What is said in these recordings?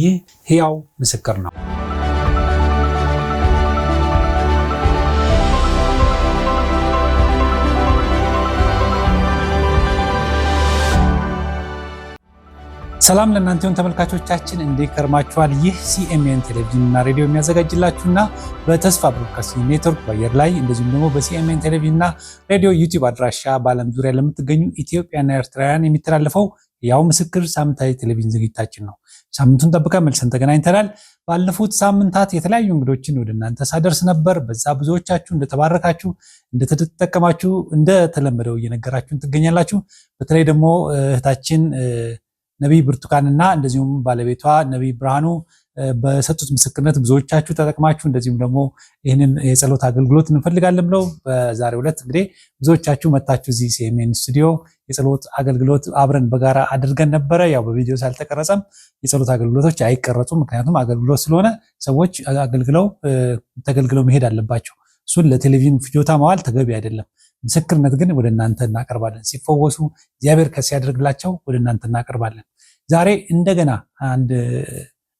ይህ ሕያው ምስክር ነው። ሰላም ለእናንተ ይሁን ተመልካቾቻችን፣ እንዴት ከርማችኋል? ይህ ሲኤምኤን ቴሌቪዥን እና ሬዲዮ የሚያዘጋጅላችሁና በተስፋ ብሮድካስቲንግ ኔትወርክ በአየር ላይ እንደዚሁም ደግሞ በሲኤምኤን ቴሌቪዥን እና ሬዲዮ ዩቲዩብ አድራሻ በዓለም ዙሪያ ለምትገኙ ኢትዮጵያና ኤርትራውያን የሚተላለፈው ሕያው ምስክር ሳምንታዊ ቴሌቪዥን ዝግጅታችን ነው። ሳምንቱን ጠብቀን መልሰን ተገናኝተናል። ባለፉት ሳምንታት የተለያዩ እንግዶችን ወደ እናንተ ሳደርስ ነበር። በዛ ብዙዎቻችሁ እንደተባረካችሁ፣ እንደተጠቀማችሁ እንደተለመደው እየነገራችሁን ትገኛላችሁ። በተለይ ደግሞ እህታችን ነቢይ ብርቱካንና እንደዚሁም ባለቤቷ ነቢይ ብርሃኑ በሰጡት ምስክርነት ብዙዎቻችሁ ተጠቅማችሁ እንደዚሁም ደግሞ ይህንን የጸሎት አገልግሎት እንፈልጋለን ብለው በዛሬው ዕለት እንግዲህ ብዙዎቻችሁ መታችሁ እዚህ ሲኤምኤን ስቱዲዮ የጸሎት አገልግሎት አብረን በጋራ አድርገን ነበረ። ያው በቪዲዮ ሳልተቀረጸም የጸሎት አገልግሎቶች አይቀረጹም። ምክንያቱም አገልግሎት ስለሆነ ሰዎች አገልግለው ተገልግለው መሄድ አለባቸው። እሱን ለቴሌቪዥን ፍጆታ መዋል ተገቢ አይደለም። ምስክርነት ግን ወደ እናንተ እናቀርባለን። ሲፈወሱ እግዚአብሔር ከሲያደርግላቸው ወደ እናንተ እናቀርባለን። ዛሬ እንደገና አንድ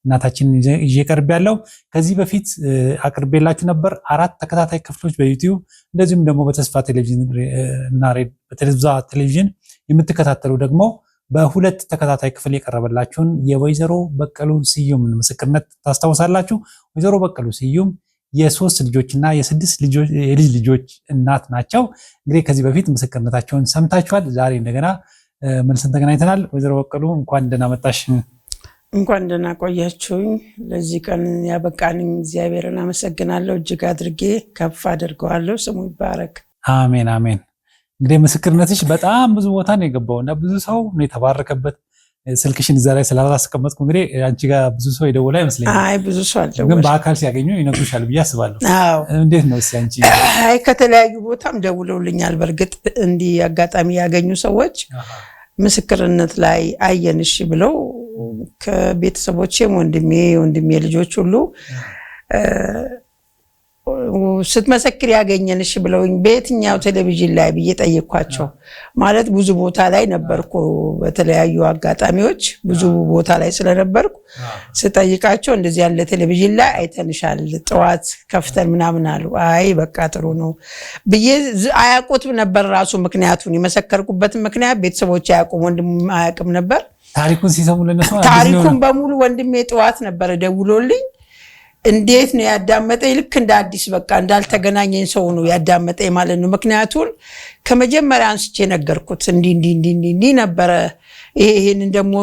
እናታችን ይዤ ቀርብ ያለው ከዚህ በፊት አቅርቤላችሁ ነበር። አራት ተከታታይ ክፍሎች በዩቲዩብ እንደዚሁም ደግሞ በተስፋ ቴሌቪዥን እና በተስፋ ቴሌቪዥን የምትከታተሉ ደግሞ በሁለት ተከታታይ ክፍል የቀረበላችሁን የወይዘሮ በቀሉ ስዩም ምስክርነት ታስታውሳላችሁ። ወይዘሮ በቀሉ ስዩም የሶስት ልጆችና የስድስት የልጅ ልጆች እናት ናቸው። እንግዲህ ከዚህ በፊት ምስክርነታቸውን ሰምታችኋል። ዛሬ እንደገና መልሰን ተገናኝተናል። ወይዘሮ በቀሉ እንኳን ደህና መጣሽ። እንኳን ደህና ቆያችሁኝ። ለዚህ ቀን ያበቃን እግዚአብሔርን አመሰግናለሁ። እጅግ አድርጌ ከፍ አድርገዋለሁ። ስሙ ይባረክ። አሜን አሜን። እንግዲህ ምስክርነትሽ በጣም ብዙ ቦታ ነው የገባው እና ብዙ ሰው ነው የተባረከበት። ስልክሽን እዛ ላይ ስላላስቀመጥኩ እንግዲህ አንቺ ጋር ብዙ ሰው የደወለ አይመስለኝም። ብዙ ሰው ግን በአካል ሲያገኙ ይነግሩሻል ብዬ አስባለሁ። እንዴት ነው እስኪ አንቺ? አይ ከተለያዩ ቦታም ደውለውልኛል። በእርግጥ እንዲህ አጋጣሚ ያገኙ ሰዎች ምስክርነት ላይ አየንሽ ብለው ከቤተሰቦቼም ወንድሜ ወንድሜ ልጆች ሁሉ ስትመሰክር ያገኘንሽ ብለውኝ በየትኛው ቴሌቪዥን ላይ ብዬ ጠየኳቸው። ማለት ብዙ ቦታ ላይ ነበርኩ፣ በተለያዩ አጋጣሚዎች ብዙ ቦታ ላይ ስለነበርኩ ስጠይቃቸው እንደዚህ ያለ ቴሌቪዥን ላይ አይተንሻል፣ ጠዋት ከፍተን ምናምን አሉ። አይ በቃ ጥሩ ነው ብዬ አያውቁትም ነበር ራሱ ምክንያቱን የመሰከርኩበትን ምክንያት ቤተሰቦች አያውቁም፣ ወንድም አያውቅም ነበር። ታሪኩን ሲሰሙ ለነሱ ታሪኩን በሙሉ ወንድሜ ጠዋት ነበረ ደውሎልኝ እንዴት ነው ያዳመጠኝ? ልክ እንደ አዲስ በቃ እንዳልተገናኘኝ ሰው ነው ያዳመጠኝ ማለት ነው። ምክንያቱም ከመጀመሪያ አንስቼ ነገርኩት። እንዲህ እንዲህ እንዲህ እንዲህ ነበረ። ይሄንን ደግሞ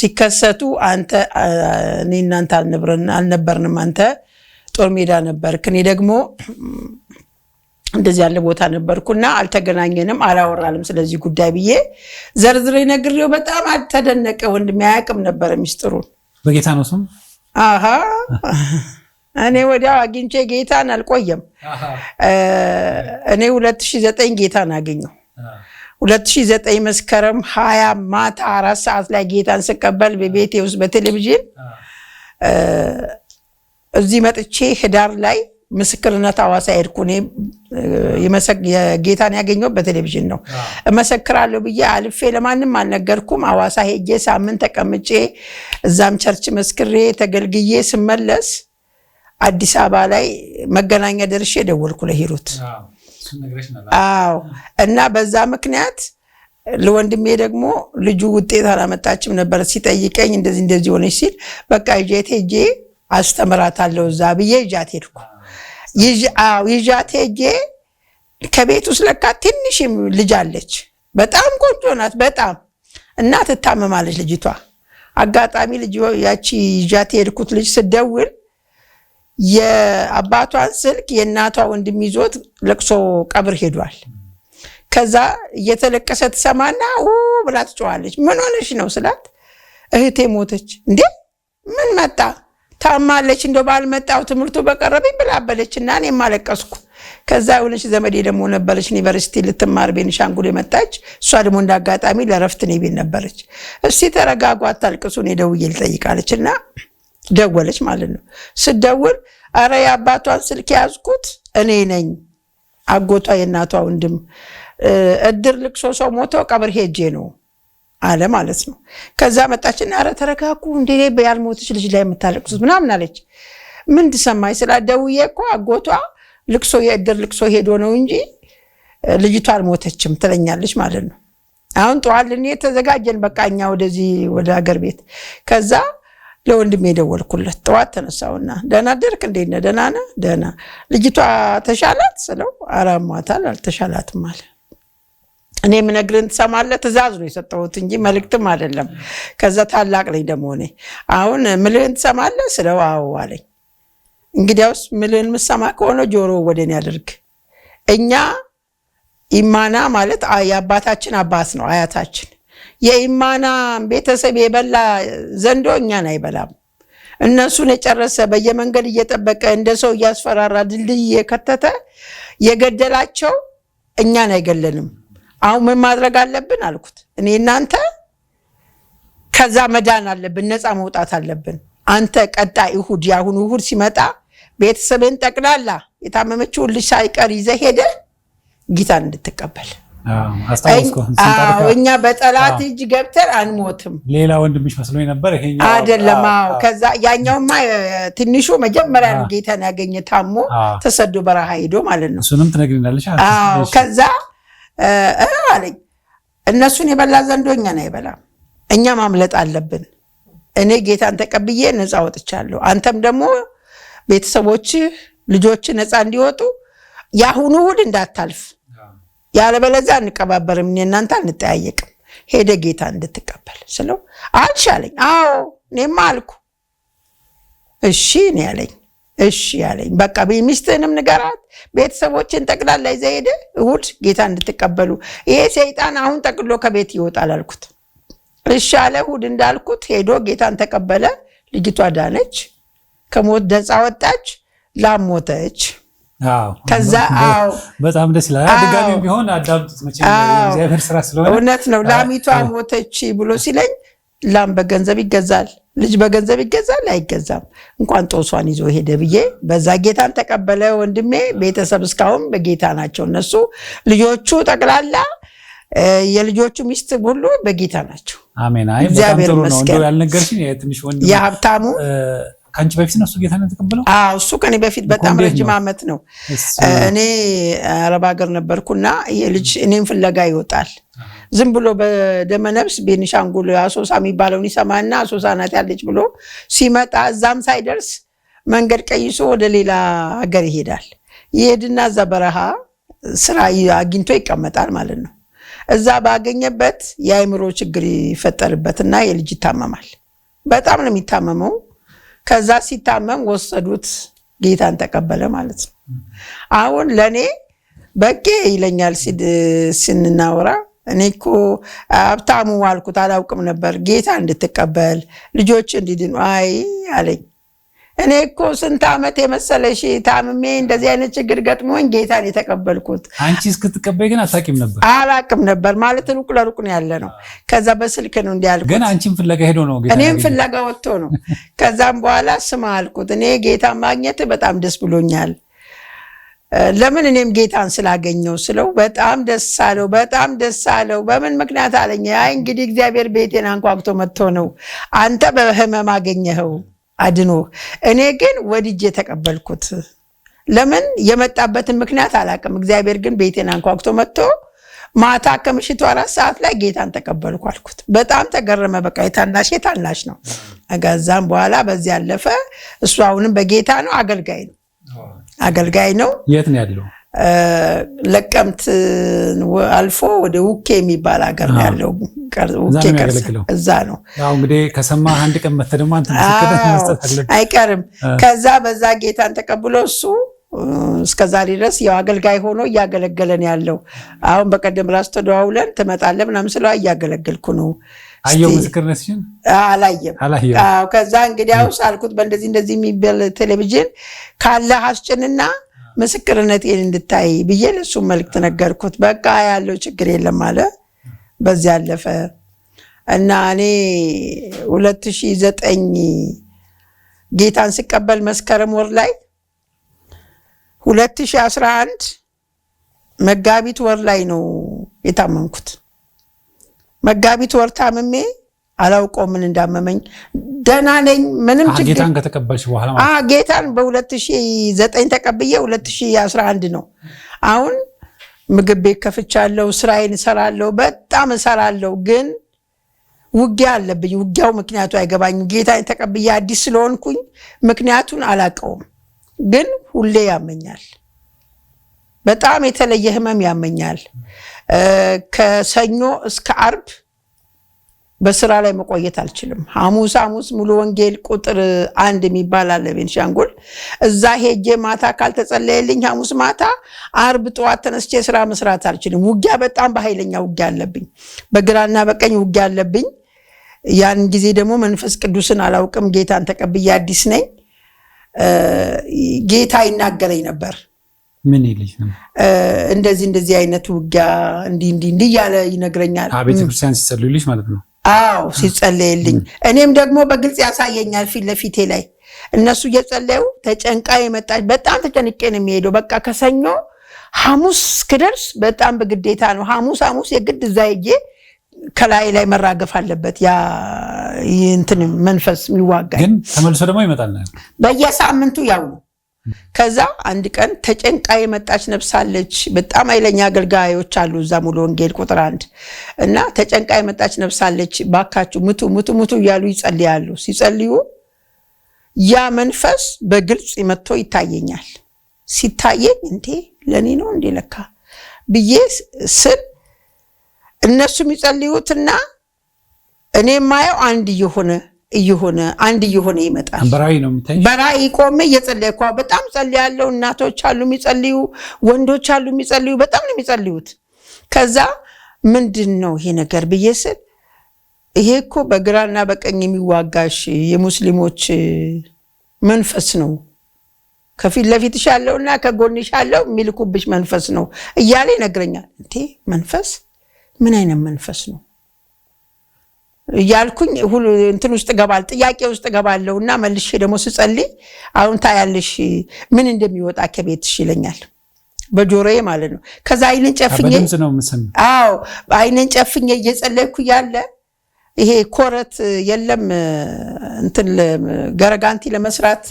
ሲከሰቱ አንተ እኔ እናንተ አልነበርንም፣ አንተ ጦር ሜዳ ነበርክ፣ እኔ ደግሞ እንደዚህ ያለ ቦታ ነበርኩና አልተገናኘንም፣ አላወራንም ስለዚህ ጉዳይ ብዬ ዘርዝሬ ነግሬው በጣም አልተደነቀ። ወንድሜ አያውቅም ነበረ ሚስጥሩን። በጌታ ነው ስም አሀ እኔ ወዲያው አግኝቼ ጌታን አልቆየም። እኔ ሁለት ጌታን አገኘው። ሁለት መስከረም ሀያ ማታ አራት ሰዓት ላይ ጌታን ስቀበል በቤቴ ውስጥ በቴሌቪዥን እዚህ መጥቼ ህዳር ላይ ምስክርነት ሐዋሳ ሄድኩ። እኔ ጌታን ያገኘው በቴሌቪዥን ነው። እመሰክራለሁ ብዬ አልፌ ለማንም አልነገርኩም። አዋሳ ሄጄ ሳምንት ተቀምጬ እዛም ቸርች መስክሬ ተገልግዬ ስመለስ አዲስ አበባ ላይ መገናኛ ደርሼ ደወልኩ ለሂሩት። አዎ እና በዛ ምክንያት ለወንድሜ ደግሞ ልጁ ውጤት አላመጣችም ነበር። ሲጠይቀኝ እንደዚህ እንደዚህ ሆነች ሲል በቃ ይዤ ሄጄ አስተምራታለሁ እዛ ብዬ ይዣት ሄድኩ። ይዣት ሄጄ ከቤት ውስጥ ለካ ትንሽ ልጅ አለች። በጣም ቆንጆ ናት። በጣም እና ትታመማለች ልጅቷ። አጋጣሚ ልጅ ያቺ ይዣት የሄድኩት ልጅ ስደውል የአባቷን ስልክ የእናቷ ወንድም ይዞት ለቅሶ ቀብር ሄዷል። ከዛ እየተለቀሰ ትሰማና ብላ ትጮዋለች። ምን ሆነሽ ነው ስላት እህቴ ሞተች። እንዴ ምን መጣ ታማለች እንደ ባልመጣው ትምህርቱ በቀረብኝ ብላበለች እና እኔ ማለቀስኩ። ከዛ የሆነች ዘመዴ ደግሞ ነበረች ዩኒቨርሲቲ ልትማር ቤንሻንጉል የመጣች እሷ ደግሞ እንዳጋጣሚ ለረፍት እኔ ቤት ነበረች። እስቲ ተረጋጉ፣ አታልቅሱ፣ እኔ ደውዬ ልጠይቃለች እና ደወለች ማለት ነው። ስደውል አረ የአባቷን ስልክ ያዝኩት እኔ ነኝ። አጎቷ የእናቷ ወንድም እድር ልቅሶ ሰው ሞተው ቀብር ሄጄ ነው አለ ማለት ነው። ከዛ መጣችና ኧረ ተረጋጉ፣ እንዴ ያልሞተች ልጅ ላይ የምታለቅሱት ምናምን አለች። ምን ትሰማኝ ስላ ደውዬ እኮ አጎቷ ልቅሶ የእድር ልቅሶ ሄዶ ነው እንጂ ልጅቷ አልሞተችም ትለኛለች ማለት ነው። አሁን ጠዋል ልንሄድ ተዘጋጀን፣ በቃ እኛ ወደዚህ ወደ ሀገር ቤት። ከዛ ለወንድሜ የደወልኩለት ጠዋት ተነሳውና ደህና ደርክ እንዴት ነህ? ደህና ነህ? ደህና ልጅቷ ተሻላት ስለው አራሟታል፣ አልተሻላትም አለ እኔ የምነግርህን ትሰማለህ። ትእዛዝ ነው የሰጠሁት እንጂ መልእክትም አይደለም። ከዛ ታላቅ ነኝ ደግሞ እኔ አሁን ምልህን ትሰማለህ ስለው አዎ አለኝ። እንግዲያውስ ምልህን ምሰማ ከሆነ ጆሮ ወደ እኔ አድርግ። እኛ ኢማና ማለት የአባታችን አባት ነው አያታችን። የኢማና ቤተሰብ የበላ ዘንዶ እኛን አይበላም። እነሱን የጨረሰ በየመንገድ እየጠበቀ እንደ ሰው እያስፈራራ ድልድይ የከተተ የገደላቸው እኛን አይገለንም። አሁን ምን ማድረግ አለብን አልኩት። እኔ እናንተ ከዛ መዳን አለብን፣ ነፃ መውጣት አለብን። አንተ ቀጣይ እሁድ፣ የአሁኑ እሁድ ሲመጣ ቤተሰብን ጠቅላላ የታመመችውን ልጅ ሳይቀር ይዘ ሄደ ጌታን እንድትቀበል እኛ በጠላት እጅ ገብተን አንሞትም። ሌላ ወንድምሽ መስሎኝ ነበር አይደለም። ከዛ ያኛውማ ትንሹ መጀመሪያ ነው ጌታን ያገኘ ታሞ ተሰዶ በረሃ ሄዶ ማለት ነው። እሱንም ትነግሪናለሽ። ከዛ አለኝ። እነሱን የበላ ዘንዶ እኛን አይበላም። እኛ ማምለጥ አለብን። እኔ ጌታን ተቀብዬ ነፃ ወጥቻለሁ። አንተም ደግሞ ቤተሰቦችህ፣ ልጆች ነፃ እንዲወጡ የአሁኑ እሑድ እንዳታልፍ። ያለበለዚያ አንቀባበርም፣ እኔ እናንተ አንጠያየቅም። ሄደ ጌታ እንድትቀበል ስለው አልሻለኝ። አዎ እኔማ አልኩ እሺ እኔ ያለኝ እሺ ያለኝ በቃ ሚስትህንም ንገራት፣ ቤተሰቦችን ጠቅላላ ይዘህ ሄደህ እሑድ ጌታ እንድትቀበሉ ይሄ ሰይጣን አሁን ጠቅሎ ከቤት ይወጣል አልኩት። እሺ አለ። እሑድ እንዳልኩት ሄዶ ጌታን ተቀበለ። ልጅቷ ዳነች፣ ከሞት ነፃ ወጣች፣ ላም ሞተች። ከዛ አዎ በጣም ደስ ይላል። አድጋሚ ቢሆን አዳምጡት፣ መቼም ስራ ስለሆነ እውነት ነው። ላሚቷ ሞተች ብሎ ሲለኝ ላም በገንዘብ ይገዛል ልጅ በገንዘብ ይገዛል አይገዛም? እንኳን ጦሷን ይዞ ሄደ ብዬ በዛ ጌታን ተቀበለ ወንድሜ። ቤተሰብ እስካሁን በጌታ ናቸው እነሱ ልጆቹ ጠቅላላ የልጆቹ ሚስት ሁሉ በጌታ ናቸው። አሜን። አይ በጣም ጥሩ ነው። የሀብታሙ ከአንቺ በፊት ነው እሱ ጌታን የተቀበለው? አዎ እሱ ከኔ በፊት በጣም ረጅም ዓመት ነው። እኔ አረብ ሀገር ነበርኩና የልጅ እኔም ፍለጋ ይወጣል። ዝም ብሎ በደመነብስ ቤኒሻንጉል አሶሳ የሚባለውን ይሰማና አሶሳ ናት ያለች ብሎ ሲመጣ እዛም ሳይደርስ መንገድ ቀይሶ ወደ ሌላ ሀገር ይሄዳል። ይሄድና እዛ በረሃ ስራ አግኝቶ ይቀመጣል ማለት ነው። እዛ ባገኘበት የአእምሮ ችግር ይፈጠርበትና የልጅ ይታመማል። በጣም ነው የሚታመመው ከዛ ሲታመም ወሰዱት፣ ጌታን ተቀበለ ማለት ነው። አሁን ለእኔ በቄ ይለኛል ስንናወራ እኔ እኮ ሀብታሙ አልኩት አላውቅም ነበር ጌታ እንድትቀበል ልጆች እንዲድኑ አይ አለኝ እኔ እኮ ስንት ዓመት የመሰለሽ ታምሜ እንደዚህ አይነት ችግር ገጥሞኝ ጌታን የተቀበልኩት። አንቺ እስክትቀበይ ግን አታውቂም ነበር? አላውቅም ነበር ማለት ሩቅ ለሩቅ ነው ያለ ነው። ከዛ በስልክ ነው እንዲያልኩት። ግን አንቺም ፍለጋ ሄዶ ነው እኔም ፍለጋ ወጥቶ ነው። ከዛም በኋላ ስማ አልኩት፣ እኔ ጌታ ማግኘት በጣም ደስ ብሎኛል። ለምን እኔም ጌታን ስላገኘው ስለው በጣም ደስ አለው። በጣም ደስ አለው። በምን ምክንያት አለኝ። አይ እንግዲህ እግዚአብሔር ቤቴን አንኳኩቶ መጥቶ ነው አንተ በህመም አገኘኸው አድኖ እኔ ግን ወድጄ የተቀበልኩት ለምን የመጣበትን ምክንያት አላውቅም። እግዚአብሔር ግን ቤቴን አንኳኩቶ መጥቶ ማታ ከምሽቱ አራት ሰዓት ላይ ጌታን ተቀበልኩ አልኩት። በጣም ተገረመ። በቃ የታናሽ የታናሽ ነው። ከዛም በኋላ በዚህ ያለፈ እሱ አሁንም በጌታ ነው፣ አገልጋይ ነው፣ አገልጋይ ነው። የት ነው ያለው? ለቀምት አልፎ ወደ ውኬ የሚባል ሀገር ነው ያለው። እዛ ነው እንግዲህ ከሰማ አንድ ቀን መተ ደግሞ አይቀርም። ከዛ በዛ ጌታን ተቀብሎ እሱ እስከዛሬ ድረስ ያው አገልጋይ ሆኖ እያገለገለን ያለው አሁን በቀደም ራሱ ተደዋውለን ትመጣለህ ምናምን ስለ እያገለገልኩ ነው አየው ምስክርነትሽን አላየም። ከዛ እንግዲህ አሁን ሳልኩት በእንደዚህ እንደዚህ የሚበል ቴሌቪዥን ካለ አስጭንና ምስክርነቴን እንድታይ ብዬ ለሱ መልእክት ነገርኩት። በቃ ያለው ችግር የለም አለ። በዚያ አለፈ እና እኔ 2009 ጌታን ስቀበል መስከረም ወር ላይ 2011 መጋቢት ወር ላይ ነው የታመምኩት። መጋቢት ወር ታምሜ አላውቀው ምን እንዳመመኝ ደህና ነኝ። ምንም ጌታን ከተቀበልሽ በኋላ ጌታን በ2009 ተቀብዬ 2011 ነው አሁን ምግብ ቤት ከፍቻለሁ። ስራዬን እሰራለሁ፣ በጣም እሰራለሁ። ግን ውጊያ አለብኝ። ውጊያው ምክንያቱ አይገባኝም። ጌታን ተቀብዬ አዲስ ስለሆንኩኝ ምክንያቱን አላውቀውም። ግን ሁሌ ያመኛል። በጣም የተለየ ህመም ያመኛል። ከሰኞ እስከ አርብ በስራ ላይ መቆየት አልችልም። ሐሙስ ሐሙስ ሙሉ ወንጌል ቁጥር አንድ የሚባል አለ ቤንሻንጉል። እዛ ሄጄ ማታ ካልተጸለየልኝ ሐሙስ ማታ፣ አርብ ጠዋት ተነስቼ ስራ መስራት አልችልም። ውጊያ በጣም በኃይለኛ ውጊያ አለብኝ። በግራና በቀኝ ውጊያ አለብኝ። ያን ጊዜ ደግሞ መንፈስ ቅዱስን አላውቅም፣ ጌታን ተቀብዬ አዲስ ነኝ። ጌታ ይናገረኝ ነበር ምን ይልሽ እንደዚህ እንደዚህ አይነት ውጊያ እንዲህ እንዲህ እንዲህ እያለ ይነግረኛል። ቤተክርስቲያን ሲጸልዩልሽ ማለት ነው። አዎ ሲጸለይልኝ እኔም ደግሞ በግልጽ ያሳየኛል ፊት ለፊቴ ላይ እነሱ እየጸለዩ ተጨንቃ የመጣች በጣም ተጨንቄ ነው የሚሄደው። በቃ ከሰኞ ሐሙስ ክደርስ በጣም በግዴታ ነው። ሐሙስ ሐሙስ የግድ እዛ ሄጄ ከላይ ላይ መራገፍ አለበት ያ እንትን መንፈስ የሚዋጋ ግን ተመልሶ ደግሞ ይመጣል። በየሳምንቱ ያው ነው ከዛ አንድ ቀን ተጨንቃ የመጣች ነፍስ አለች። በጣም አይለኛ አገልጋዮች አሉ እዛ ሙሉ ወንጌል ቁጥር አንድ እና ተጨንቃ የመጣች ነፍስ አለች፣ ባካችሁ ምቱ ምቱ ምቱ እያሉ ይጸልያሉ። ሲጸልዩ ያ መንፈስ በግልጽ መጥቶ ይታየኛል። ሲታየኝ እንዴ ለእኔ ነው እንዴ ለካ ብዬ ስል እነሱ የሚጸልዩትና እኔ የማየው አንድ እየሆነ። እየሆነ አንድ እየሆነ ይመጣል። በራይ ነው በራይ በራእይ ቆሜ እየጸለይኩ በጣም ጸልያለሁ። እናቶች አሉ የሚጸልዩ፣ ወንዶች አሉ የሚጸልዩ፣ በጣም ነው የሚጸልዩት። ከዛ ምንድን ነው ይሄ ነገር ብዬ ስል ይሄ እኮ በግራና በቀኝ የሚዋጋሽ የሙስሊሞች መንፈስ ነው፣ ከፊት ለፊትሽ ያለውና ከጎንሽ ያለው የሚልኩብሽ መንፈስ ነው እያለ ይነግረኛል። እንዴ መንፈስ ምን አይነት መንፈስ ነው? እያልኩኝ ሁሉ እንትን ውስጥ ገባል ጥያቄ ውስጥ ገባለው እና መልሼ ደግሞ ስጸልይ አሁን ታያለሽ ምን እንደሚወጣ ከቤትሽ ይለኛል በጆሮዬ ማለት ነው። ከዛ አይንን ጨፍኜ አዎ አይንን ጨፍኜ እየጸለይኩ ያለ ይሄ ኮረት የለም እንትን ገረጋንቲ ለመስራት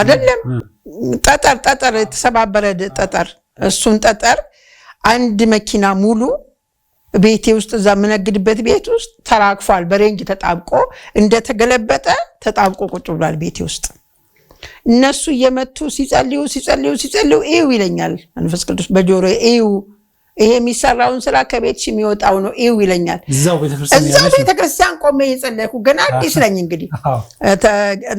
አይደለም ጠጠር ጠጠር የተሰባበረ ጠጠር እሱን ጠጠር አንድ መኪና ሙሉ ቤቴ ውስጥ እዛ የምነግድበት ቤት ውስጥ ተራግፏል። በሬንጅ ተጣብቆ እንደተገለበጠ ተጣብቆ ቁጭ ብሏል ቤቴ ውስጥ። እነሱ እየመቱ ሲጸልዩ ሲጸልዩ ሲጸልዩ እዩ ይለኛል መንፈስ ቅዱስ በጆሮ እዩ ይሄ የሚሰራውን ስራ ከቤት የሚወጣው ነው ይው ይለኛል። እዛው ቤተክርስቲያን ቆሜ እየጸለይኩ ገና አዲስ ነኝ እንግዲህ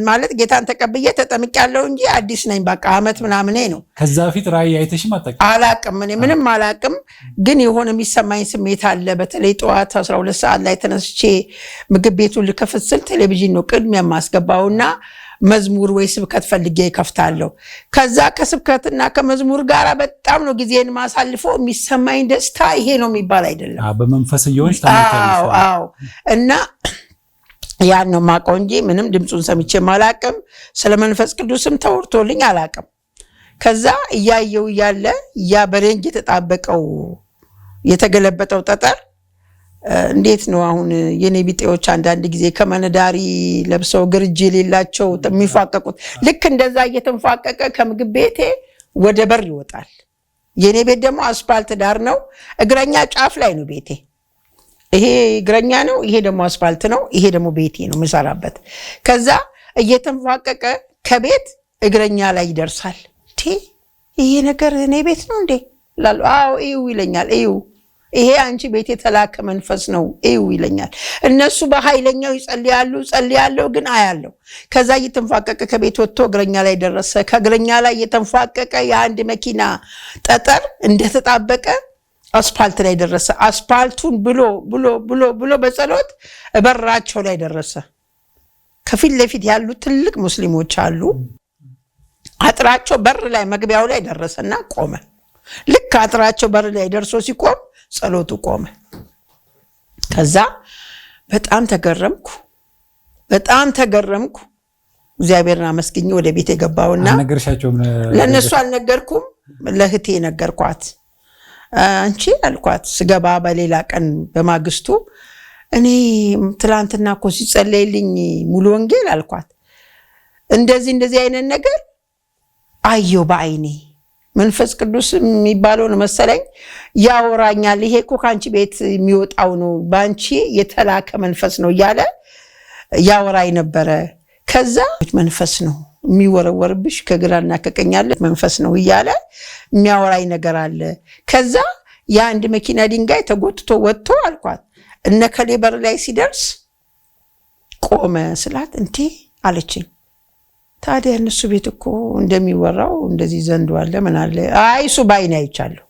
ማለት ጌታን ተቀብዬ ተጠምቅ ያለው እንጂ አዲስ ነኝ። በቃ አመት ምናምኔ ነው። ከዛ በፊት ራእይ አይተሽም አላቅም፣ እኔ ምንም አላቅም። ግን የሆነ የሚሰማኝ ስሜት አለ። በተለይ ጠዋት 12 ሰዓት ላይ ተነስቼ ምግብ ቤቱን ልከፍት ስል ቴሌቪዥን ነው ቅድሚያ የማስገባውና መዝሙር ወይ ስብከት ፈልጌ ይከፍታለሁ። ከዛ ከስብከትና ከመዝሙር ጋር በጣም ነው ጊዜን ማሳልፎ የሚሰማኝ ደስታ ይሄ ነው የሚባል አይደለም። በመንፈስ እየሆንሽ እና ያን ነው ማቀው እንጂ ምንም ድምፁን ሰምቼም አላቅም። ስለ መንፈስ ቅዱስም ተወርቶልኝ አላቅም። ከዛ እያየው እያለ ያ በሬንጅ የተጣበቀው የተገለበጠው ጠጠር እንዴት ነው አሁን የኔ ቢጤዎች አንዳንድ ጊዜ ከመነዳሪ ለብሰው ግርጅ የሌላቸው የሚፋቀቁት? ልክ እንደዛ እየተንፋቀቀ ከምግብ ቤቴ ወደ በር ይወጣል። የኔ ቤት ደግሞ አስፓልት ዳር ነው። እግረኛ ጫፍ ላይ ነው ቤቴ። ይሄ እግረኛ ነው፣ ይሄ ደግሞ አስፓልት ነው፣ ይሄ ደግሞ ቤቴ ነው የምሰራበት። ከዛ እየተንፋቀቀ ከቤት እግረኛ ላይ ይደርሳል። ይሄ ነገር እኔ ቤት ነው እንዴ? አዎ እዩ ይለኛል እዩ ይሄ አንቺ ቤት የተላከ መንፈስ ነው እዩ ይለኛል። እነሱ በኃይለኛው ይጸልያሉ ጸልያለሁ ግን አያለው። ከዛ እየተንፏቀቀ ከቤት ወጥቶ እግረኛ ላይ ደረሰ። ከእግረኛ ላይ እየተንፏቀቀ የአንድ መኪና ጠጠር እንደተጣበቀ አስፓልት ላይ ደረሰ። አስፓልቱን ብሎ ብሎ ብሎ ብሎ በጸሎት በራቸው ላይ ደረሰ። ከፊት ለፊት ያሉ ትልቅ ሙስሊሞች አሉ። አጥራቸው በር ላይ መግቢያው ላይ ደረሰና ቆመ። ልክ አጥራቸው በር ላይ ደርሶ ሲቆም ጸሎቱ ቆመ። ከዛ በጣም ተገረምኩ፣ በጣም ተገረምኩ። እግዚአብሔርን አመስግኝ ወደ ቤት የገባውና ለእነሱ አልነገርኩም፣ ለህቴ ነገርኳት። አንቺ አልኳት ስገባ በሌላ ቀን በማግስቱ እኔ ትላንትና እኮ ሲጸለይልኝ ሙሉ ወንጌል አልኳት እንደዚህ እንደዚህ አይነት ነገር አየው በአይኔ መንፈስ ቅዱስ የሚባለውን መሰለኝ ያወራኛል። ይሄ እኮ ከአንቺ ቤት የሚወጣው ነው፣ በአንቺ የተላከ መንፈስ ነው እያለ ያወራኝ ነበረ። ከዛ መንፈስ ነው የሚወረወርብሽ ከግራና ከቀኝ ያለ መንፈስ ነው እያለ የሚያወራኝ ነገር አለ። ከዛ የአንድ መኪና ድንጋይ ተጎትቶ ወጥቶ አልኳት እነ ከሌበር ላይ ሲደርስ ቆመ ስላት እንዴ አለችኝ። ታዲያ እነሱ ቤት እኮ እንደሚወራው እንደዚህ ዘንዶ አለ ምን አለ። አይ እሱ በአይኔ አይቻለሁ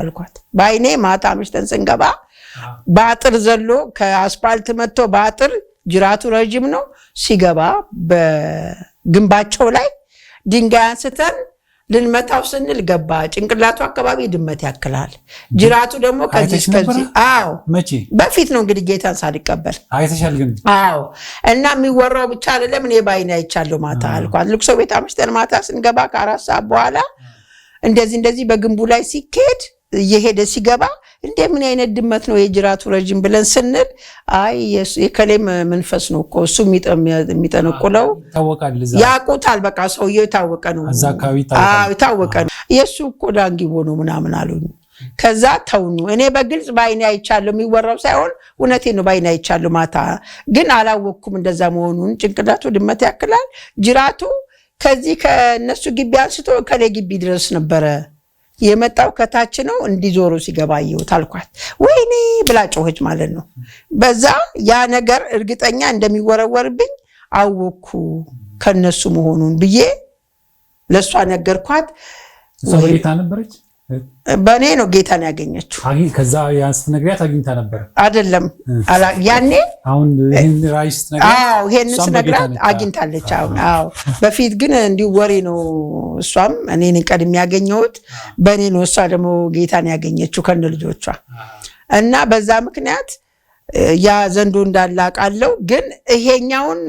አልኳት። በአይኔ ማታ አምሽተን ስንገባ በአጥር ዘሎ ከአስፓልት መጥቶ በአጥር ጅራቱ ረዥም ነው ሲገባ በግንባቸው ላይ ድንጋይ አንስተን ልንመታው ስንል ገባ። ጭንቅላቱ አካባቢ ድመት ያክላል። ጅራቱ ደግሞ ከዚህ እስከዚህ። አዎ በፊት ነው እንግዲህ ጌታን ሳልቀበል አዎ። እና የሚወራው ብቻ አይደለም። እኔ ባይኔ አይቻለሁ። ማታ አልኳት ልቅሶ ቤት ክርስቲያን ማታ ስንገባ ከአራት ሰዓት በኋላ እንደዚህ እንደዚህ በግንቡ ላይ ሲኬድ እየሄደ ሲገባ እንዴ ምን አይነት ድመት ነው የጅራቱ ረጅም ብለን ስንል አይ የከሌም መንፈስ ነው እኮ እሱ የሚጠነቁለው። ያውቁታል፣ በቃ ሰውየው የታወቀ ነው፣ የታወቀ ነው። የእሱ እኮ ዳንጊቦ ነው ምናምን አሉኝ። ከዛ ተውኑ። እኔ በግልጽ በአይኔ አይቻለሁ፣ የሚወራው ሳይሆን እውነቴ ነው። በአይኔ አይቻለሁ። ማታ ግን አላወቅኩም እንደዛ መሆኑን። ጭንቅላቱ ድመት ያክላል፣ ጅራቱ ከዚህ ከነሱ ግቢ አንስቶ ከሌ ግቢ ድረስ ነበረ የመጣው ከታች ነው እንዲዞሩ ሲገባ አየሁት አልኳት። ወይኔ ብላ ጮኸች ማለት ነው። በዛ ያ ነገር እርግጠኛ እንደሚወረወርብኝ አወኩ ከነሱ መሆኑን ብዬ ለእሷ ነገርኳት። ነበረች በእኔ ነው ጌታን ያገኘችው። ከዛ ያን ስትነግሪያት አግኝታ ነበር አይደለም? ያኔ ይሄንን ስነግራት አግኝታለች። አሁን አዎ፣ በፊት ግን እንዲሁ ወሬ ነው። እሷም እኔን ቀድሜ ያገኘሁት በእኔ ነው። እሷ ደግሞ ጌታን ያገኘችው ከነ ልጆቿ እና በዛ ምክንያት ያ ዘንዶ እንዳለ አውቃለሁ። ግን ይሄኛውን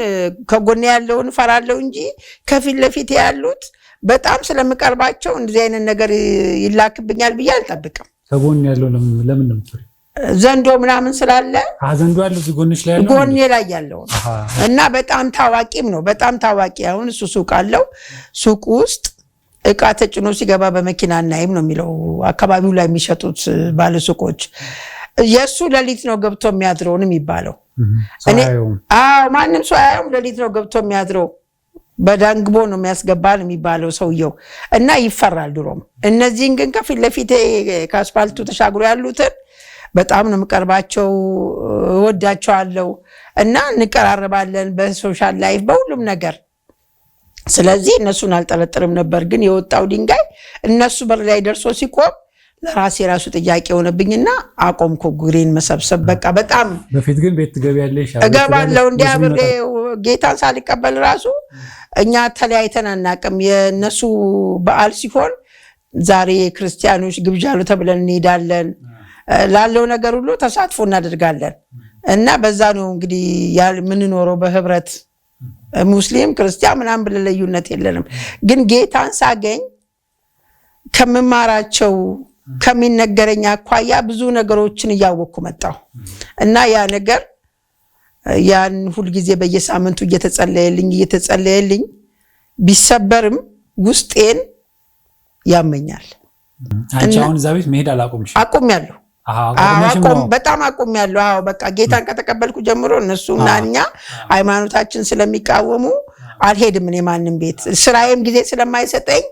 ከጎኔ ያለውን ፈራለሁ እንጂ ከፊት ለፊት ያሉት በጣም ስለምቀርባቸው እንደዚህ አይነት ነገር ይላክብኛል ብዬ አልጠብቅም። ከጎን ያለው ለምን ነው የምትፈሪው? ዘንዶ ምናምን ስላለ ዘንዶ ያለው ጎንሽ ላይ ያለው ጎኔ ላይ ያለው እና በጣም ታዋቂም ነው። በጣም ታዋቂ አሁን እሱ ሱቅ አለው። ሱቅ ውስጥ እቃ ተጭኖ ሲገባ በመኪና እናይም ነው የሚለው አካባቢው ላይ የሚሸጡት ባለሱቆች የእሱ ሌሊት ነው ገብቶ የሚያድረውን የሚባለው። አዎ ማንም ሰው አያየውም። ሌሊት ነው ገብቶ የሚያድረው በዳንግቦ ነው የሚያስገባል የሚባለው ሰውየው እና ይፈራል። ድሮም እነዚህን ግን ከፊት ለፊት ከአስፋልቱ ተሻግሮ ያሉትን በጣም ነው የምቀርባቸው፣ እወዳቸዋለሁ እና እንቀራረባለን በሶሻል ላይፍ በሁሉም ነገር። ስለዚህ እነሱን አልጠረጥርም ነበር። ግን የወጣው ድንጋይ እነሱ በር ላይ ደርሶ ሲቆም ለራሴ የራሱ ጥያቄ የሆነብኝና አቆምኩ ጉሬን መሰብሰብ። በቃ በጣም በፊት ግን ቤት ትገቢያለሽ እገባለሁ። እንዲህ አብሬ ጌታን ሳልቀበል ራሱ እኛ ተለያይተን አናቅም። የእነሱ በዓል ሲሆን ዛሬ ክርስቲያኖች ግብዣ ተብለን እንሄዳለን። ላለው ነገር ሁሉ ተሳትፎ እናደርጋለን እና በዛ ነው እንግዲህ የምንኖረው በህብረት ሙስሊም ክርስቲያን ምናምን ብለን ልዩነት የለንም። ግን ጌታን ሳገኝ ከምማራቸው ከሚነገረኝ አኳያ ብዙ ነገሮችን እያወቅኩ መጣሁ እና ያ ነገር ያን ሁልጊዜ በየሳምንቱ እየተጸለየልኝ እየተጸለየልኝ ቢሰበርም ውስጤን ያመኛል። አሁን እዛ ቤት መሄድ አላቆምሽ? አቁሜያለሁ። በጣም አቁሜያለሁ። አዎ በቃ ጌታን ከተቀበልኩ ጀምሮ እነሱና እኛ ሃይማኖታችን ስለሚቃወሙ አልሄድም እኔ ማንም ቤት ስራዬም ጊዜ ስለማይሰጠኝ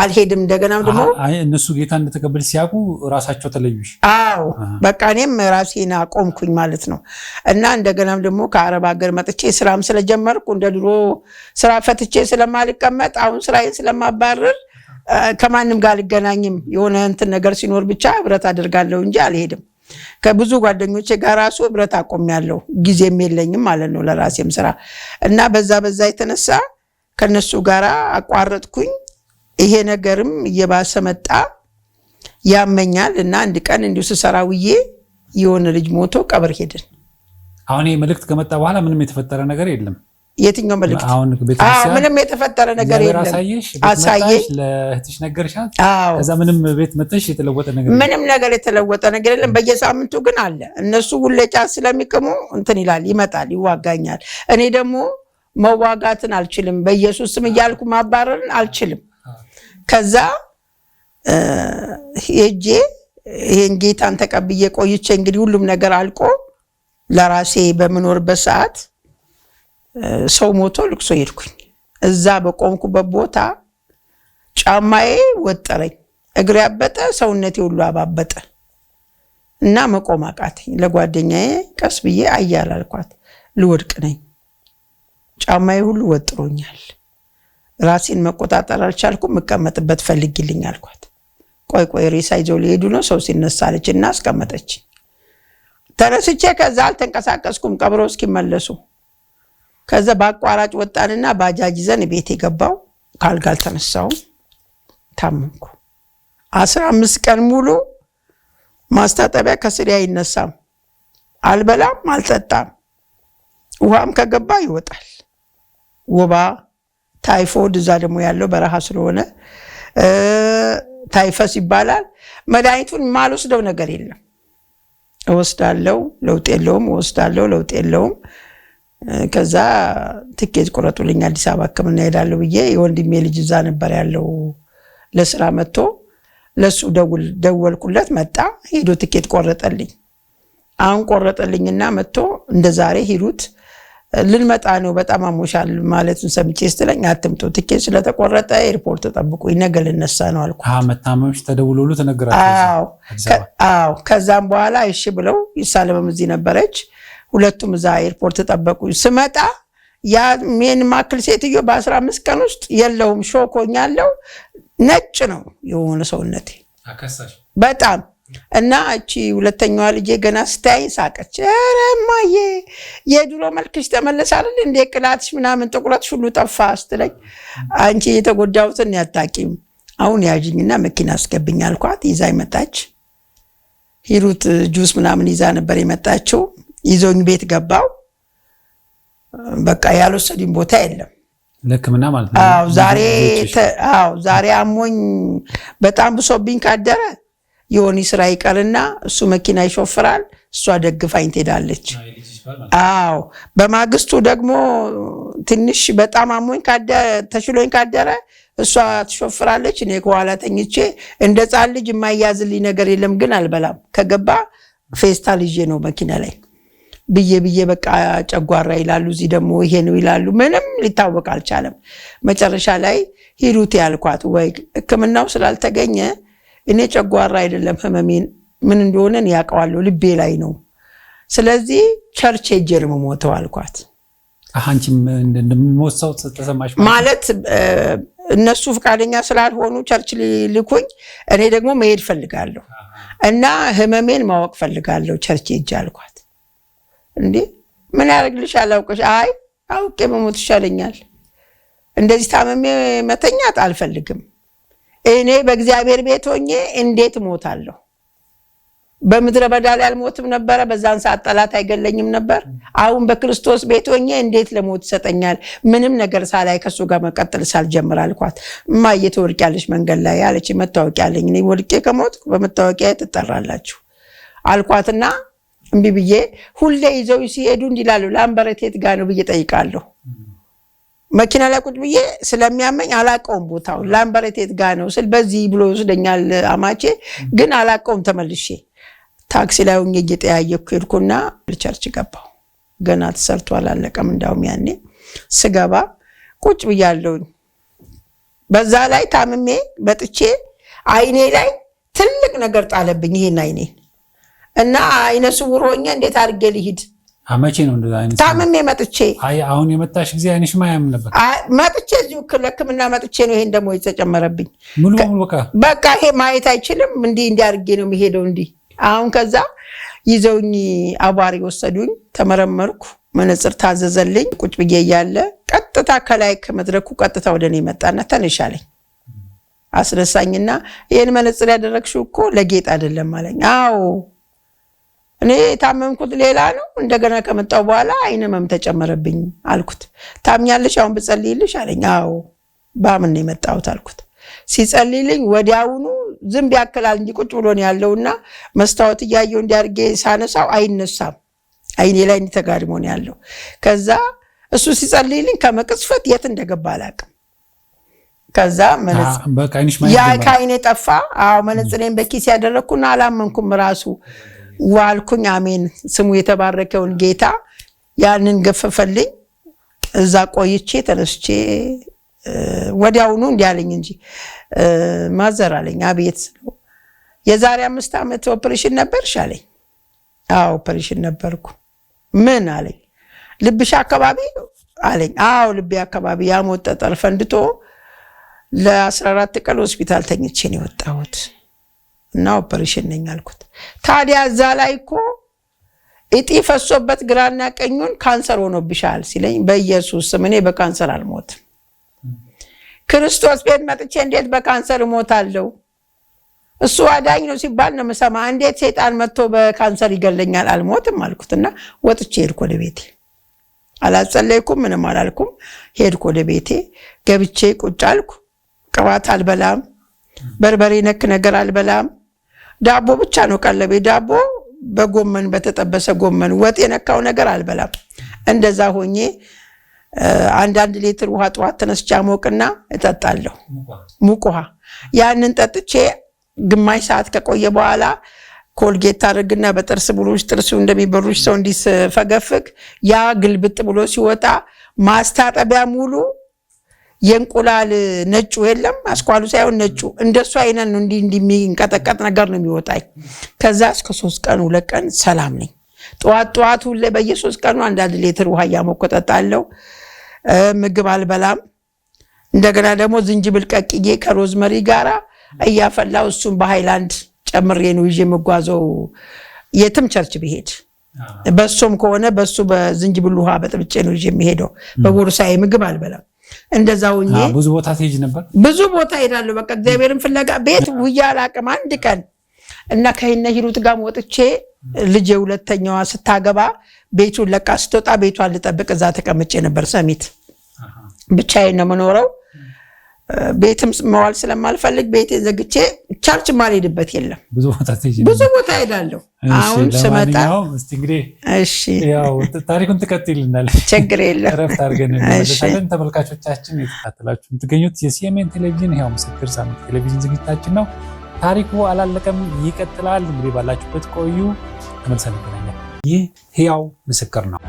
አልሄድም። እንደገና ደግሞ እነሱ ጌታ እንደተቀበል ሲያውቁ ራሳቸው ተለዩሽ? አዎ በቃ እኔም ራሴን አቆምኩኝ ማለት ነው። እና እንደገናም ደግሞ ከአረብ ሀገር መጥቼ ስራም ስለጀመርኩ እንደ ድሮ ስራ ፈትቼ ስለማልቀመጥ አሁን ስራዬን ስለማባረር ከማንም ጋር አልገናኝም። የሆነ እንትን ነገር ሲኖር ብቻ ህብረት አደርጋለሁ እንጂ አልሄድም። ከብዙ ጓደኞቼ ጋር ራሱ ህብረት አቆሚያለሁ። ጊዜም የለኝም ማለት ነው ለራሴም ስራ እና በዛ በዛ የተነሳ ከነሱ ጋር አቋረጥኩኝ። ይሄ ነገርም እየባሰ መጣ፣ ያመኛል እና አንድ ቀን እንዲሁ ስሰራ ውዬ የሆነ ልጅ ሞቶ ቀብር ሄድን። አሁን ይህ መልእክት ከመጣ በኋላ ምንም የተፈጠረ ነገር የለም። የትኛው መልእክት? ምንም የተፈጠረ ነገር የለም። አሳየሽ፣ ለእህትሽ ነገርሻት። ከዛ ምንም ቤት መጥተሽ የተለወጠ ነገር ምንም ነገር የተለወጠ ነገር የለም። በየሳምንቱ ግን አለ። እነሱ ሁለጫ ስለሚቅሙ እንትን ይላል፣ ይመጣል፣ ይዋጋኛል። እኔ ደግሞ መዋጋትን አልችልም። በኢየሱስ ስም እያልኩ ማባረርን አልችልም። ከዛ ሄጄ ይሄን ጌታን ተቀብዬ ቆይቼ እንግዲህ ሁሉም ነገር አልቆ ለራሴ በምኖርበት ሰዓት ሰው ሞቶ ልቅሶ ሄድኩኝ። እዛ በቆምኩበት ቦታ ጫማዬ ወጠረኝ፣ እግር ያበጠ ሰውነቴ ሁሉ አባበጠ እና መቆም አቃተኝ። ለጓደኛዬ ቀስ ብዬ አያላልኳት ልወድቅ ነኝ፣ ጫማዬ ሁሉ ወጥሮኛል ራሴን መቆጣጠር አልቻልኩም። እቀመጥበት ፈልጊልኝ አልኳት። ቆይ ቆይ ሬሳ ይዘው ሊሄዱ ነው ሰው ሲነሳለች እና አስቀመጠች። ተነስቼ ከዛ አልተንቀሳቀስኩም ቀብሮ እስኪመለሱ። ከዛ በአቋራጭ ወጣንና ባጃጅ ይዘን ቤት የገባው ካልጋ አልተነሳውም። ታመምኩ። አስራ አምስት ቀን ሙሉ ማስታጠቢያ ከስሬ አይነሳም። አልበላም፣ አልጠጣም። ውሃም ከገባ ይወጣል ወባ ታይፎድ እዛ ደግሞ ያለው በረሃ ስለሆነ ታይፈስ ይባላል። መድኃኒቱን የማልወስደው ነገር የለም። እወስዳለው፣ ለውጥ የለውም። እወስዳለው፣ ለውጥ የለውም። ከዛ ትኬት ቁረጡልኝ አዲስ አበባ ሕክምና ሄዳለሁ ብዬ የወንድሜ ልጅ እዛ ነበር ያለው ለስራ መጥቶ ለሱ ደወልኩለት፣ መጣ። ሄዶ ትኬት ቆረጠልኝ። አሁን ቆረጠልኝና መጥቶ እንደ ዛሬ ሂሩት ልንመጣ ነው በጣም አሞሻል ማለቱን ሰምቼ ስትለኝ አትምጡ፣ ትኬት ስለተቆረጠ ኤርፖርት ጠብቁ ነገ ልነሳ ነው አልኩ። መታመምሽ ተደውሎሉ ተነግራቸው። ከዛም በኋላ እሺ ብለው ይሳለመም እዚህ ነበረች፣ ሁለቱም እዛ ኤርፖርት ጠበቁ ስመጣ ያ ሜን ማክል ሴትዮ በአስራ አምስት ቀን ውስጥ የለውም ሾኮኛለው። ነጭ ነው የሆነ ሰውነቴ በጣም እና እቺ ሁለተኛዋ ልጄ ገና ስታይ ሳቀች። ኧረ እማዬ የድሮ መልክሽ ተመለሳል እንዴ ቅላትሽ ምናምን ጥቁረትሽ ሁሉ ጠፋ ስትለኝ፣ አንቺ የተጎዳሁትን ያታቂም አሁን ያዥኝና መኪና አስገብኝ አልኳት። ይዛ ይመጣች ሂሩት ጁስ ምናምን ይዛ ነበር የመጣችው። ይዞኝ ቤት ገባው። በቃ ያልወሰዱኝ ቦታ የለም ለሕክምና ማለት ነው። ዛሬ አሞኝ በጣም ብሶብኝ ካደረ የሆነ ስራ ይቀርና እሱ መኪና ይሾፍራል፣ እሷ ደግፋኝ ትሄዳለች። አዎ በማግስቱ ደግሞ ትንሽ በጣም አሞኝ ተሽሎኝ ካደረ እሷ ትሾፍራለች፣ እኔ ከኋላ ተኝቼ እንደ ጻን ልጅ የማያዝልኝ ነገር የለም ግን አልበላም። ከገባ ፌስታ ልዤ ነው መኪና ላይ ብዬ ብዬ በቃ ጨጓራ ይላሉ፣ እዚህ ደግሞ ይሄ ነው ይላሉ። ምንም ሊታወቅ አልቻለም። መጨረሻ ላይ ሂዱት ያልኳት ወይ ሕክምናው ስላልተገኘ እኔ ጨጓራ አይደለም ህመሜን ምን እንደሆነ ያውቀዋለሁ፣ ልቤ ላይ ነው። ስለዚህ ቸርች ሄጄ ነው የምሞተው አልኳት። እንደሚሞት ሰው ተሰማሽ ማለት እነሱ ፈቃደኛ ስላልሆኑ ቸርች ልኩኝ፣ እኔ ደግሞ መሄድ ፈልጋለሁ እና ህመሜን ማወቅ ፈልጋለሁ ቸርች ሄጄ አልኳት። እንዴ ምን ያደርግልሻል አውቀሽ? አይ አውቄ መሞት ይሻለኛል፣ እንደዚህ ታመሜ መተኛት አልፈልግም እኔ በእግዚአብሔር ቤት ሆኜ እንዴት እሞታለሁ? በምድረ በዳ ላይ አልሞትም ነበረ? በዛን ሰዓት ጠላት አይገለኝም ነበር? አሁን በክርስቶስ ቤት ሆኜ እንዴት ለሞት ይሰጠኛል? ምንም ነገር ሳላይ ከእሱ ጋር መቀጠል ሳልጀምር አልኳት። እማዬ ትወድቂያለሽ መንገድ ላይ አለች። መታወቂያ አለኝ። እኔ ወድቄ በመታወቂያ ትጠራላችሁ አልኳትና እምቢ ብዬ ሁሌ ይዘው ሲሄዱ እንዲላሉ ለአንበረቴት ጋር ነው ብዬ ጠይቃለሁ። መኪና ላይ ቁጭ ብዬ ስለሚያመኝ አላቀውም ቦታው ላምበረቴት ጋ ነው ስል በዚህ ብሎ ይወስደኛል አማቼ፣ ግን አላቀውም። ተመልሼ ታክሲ ላይ ሆኜ እየጠያየኩ ሄድኩና ልቸርች ገባሁ። ገና ተሰርቶ አላለቀም። እንዳውም ያኔ ስገባ ቁጭ ብያለሁኝ። በዛ ላይ ታምሜ መጥቼ አይኔ ላይ ትልቅ ነገር ጣለብኝ። ይሄን አይኔ እና አይነ ስውር ሆኜ እንዴት አድርጌ ልሂድ መቼ ነው እንደዛ አይነት ታምሜ መጥቼ? አይ አሁን የመጣሽ ጊዜ አይንሽ ማያም ነበር። መጥቼ እዚሁ ለሕክምና መጥቼ ነው ይሄን ደግሞ የተጨመረብኝ ሙሉ ሙሉ። በቃ በቃ ይሄ ማየት አይችልም። እንዲህ እንዲህ አድርጌ ነው የሚሄደው እንዲህ። አሁን ከዛ ይዘውኝ አቧሪ ወሰዱኝ፣ ተመረመርኩ፣ መነጽር ታዘዘልኝ። ቁጭ ብዬ እያለ ቀጥታ ከላይ ከመድረኩ ቀጥታ ወደ እኔ መጣና ተነሻለኝ አስነሳኝና ይህን መነጽር ያደረግሽው እኮ ለጌጥ አይደለም አለኝ። አዎ እኔ የታመምኩት ሌላ ነው። እንደገና ከመጣው በኋላ አይነ መም ተጨመረብኝ አልኩት። ታምኛለሽ አሁን ብጸልይልሽ አለኝ። አዎ በምን ነው የመጣሁት አልኩት። ሲጸልይልኝ ወዲያውኑ ዝም ቢያክላል እንጂ ቁጭ ብሎ ነው ያለውና መስታወት እያየው እንዲያርጌ ሳነሳው አይነሳም። አይኔ ላይ ተጋድሞ ነው ያለው። ከዛ እሱ ሲጸልይልኝ ከመቅጽፈት የት እንደገባ አላውቅም። ከዛ ያ ከአይኔ ጠፋ። አዎ መነጽሬን በኪስ ያደረግኩና አላመንኩም ራሱ ዋልኩኝ። አሜን። ስሙ የተባረከውን ጌታ ያንን ገፈፈልኝ። እዛ ቆይቼ ተነስቼ ወዲያውኑ እንዲያለኝ እንጂ ማዘር አለኝ። አቤት የዛሬ አምስት ዓመት ኦፕሬሽን ነበርሽ አለኝ። አዎ ኦፕሬሽን ነበርኩ። ምን አለኝ። ልብሽ አካባቢ አለኝ። አዎ ልቤ አካባቢ ያሞት ፈንድቶ ለ14 ቀን ሆስፒታል ተኝቼ ነው የወጣሁት። እና ኦፐሬሽን ነኝ አልኩት። ታዲያ እዛ ላይ እኮ እጢ ፈሶበት ግራና ቀኙን ካንሰር ሆኖብሻል ሲለኝ በኢየሱስ ስም እኔ በካንሰር አልሞትም። ክርስቶስ ቤት መጥቼ እንዴት በካንሰር እሞታለሁ? እሱ አዳኝ ነው ሲባል ነው የምሰማ። እንዴት ሴጣን መጥቶ በካንሰር ይገለኛል? አልሞትም አልኩትና ወጥቼ ሄድኩ ወደ ቤቴ። አላጸለይኩም፣ ምንም አላልኩም። ሄድኩ ወደ ቤቴ። ገብቼ ቁጭ አልኩ። ቅባት አልበላም፣ በርበሬ ነክ ነገር አልበላም። ዳቦ ብቻ ነው ቀለቤ። ዳቦ በጎመን በተጠበሰ ጎመን ወጥ የነካው ነገር አልበላም። እንደዛ ሆኜ አንዳንድ ሊትር ውሃ ጠዋት ተነስቼ አሞቅና እጠጣለሁ፣ ሙቅ ውሃ። ያንን ጠጥቼ ግማሽ ሰዓት ከቆየ በኋላ ኮልጌት ታደርግና በጥርስ ብሎች ጥርሱ እንደሚበሩች ሰው እንዲስፈገፍግ ያ ግልብጥ ብሎ ሲወጣ ማስታጠቢያ ሙሉ የእንቁላል ነጩ የለም አስኳሉ ሳይሆን ነጩ እንደሱ አይነት ነው። እንዲህ እንዲህ የሚንቀጠቀጥ ነገር ነው የሚወጣኝ። ከዛ እስከ ሶስት ቀን ሁለት ቀን ሰላም ነኝ። ጠዋት ጠዋት ሁሌ በየሶስት ቀኑ አንዳንድ ሌትር ውሃ እያሞኩ እጠጣለሁ። ምግብ አልበላም። እንደገና ደግሞ ዝንጅብል ቀቅዬ ከሮዝመሪ ጋራ እያፈላው እሱም በሃይላንድ ጨምሬ ነው ይዤ የምጓዘው የትም ቸርች ብሄድ በሱም ከሆነ በሱ በዝንጅብል ውሃ በጥብጬ ነው ይዤ የሚሄደው። በቦርሳዬ ምግብ አልበላም። እንደዛ ሁኜ ብዙ ቦታ ትሄጂ ነበር? ብዙ ቦታ ሄዳለሁ። በቃ እግዚአብሔርን ፍለጋ ቤት ውዬ አላቅም አንድ ቀን እና ከይነ ሂሩት ጋር ወጥቼ ልጄ ሁለተኛዋ ስታገባ ቤቱን ለቃ ስትወጣ ቤቷን ልጠብቅ እዛ ተቀምጬ ነበር። ሰሚት ብቻዬን ነው የምኖረው። ቤትም መዋል ስለማልፈልግ ቤቴ ዘግቼ ቸርች ማልሄድበት የለም። ብዙ ቦታ ሄዳለሁ። አሁን ስመጣ ታሪኩን ትቀጥይልናል። ችግር የለም። ረፍት አድርገን እንመለሳለን። ተመልካቾቻችን የተካተላችሁ የምትገኙት የሲኤምኤን ቴሌቪዥን ያው ምስክር ሳምንት ቴሌቪዥን ዝግጅታችን ነው። ታሪኩ አላለቀም፣ ይቀጥላል። እንግዲህ ባላችሁበት ቆዩ። ተመልሰን እንገናኛለን። ይህ ህያው ምስክር ነው።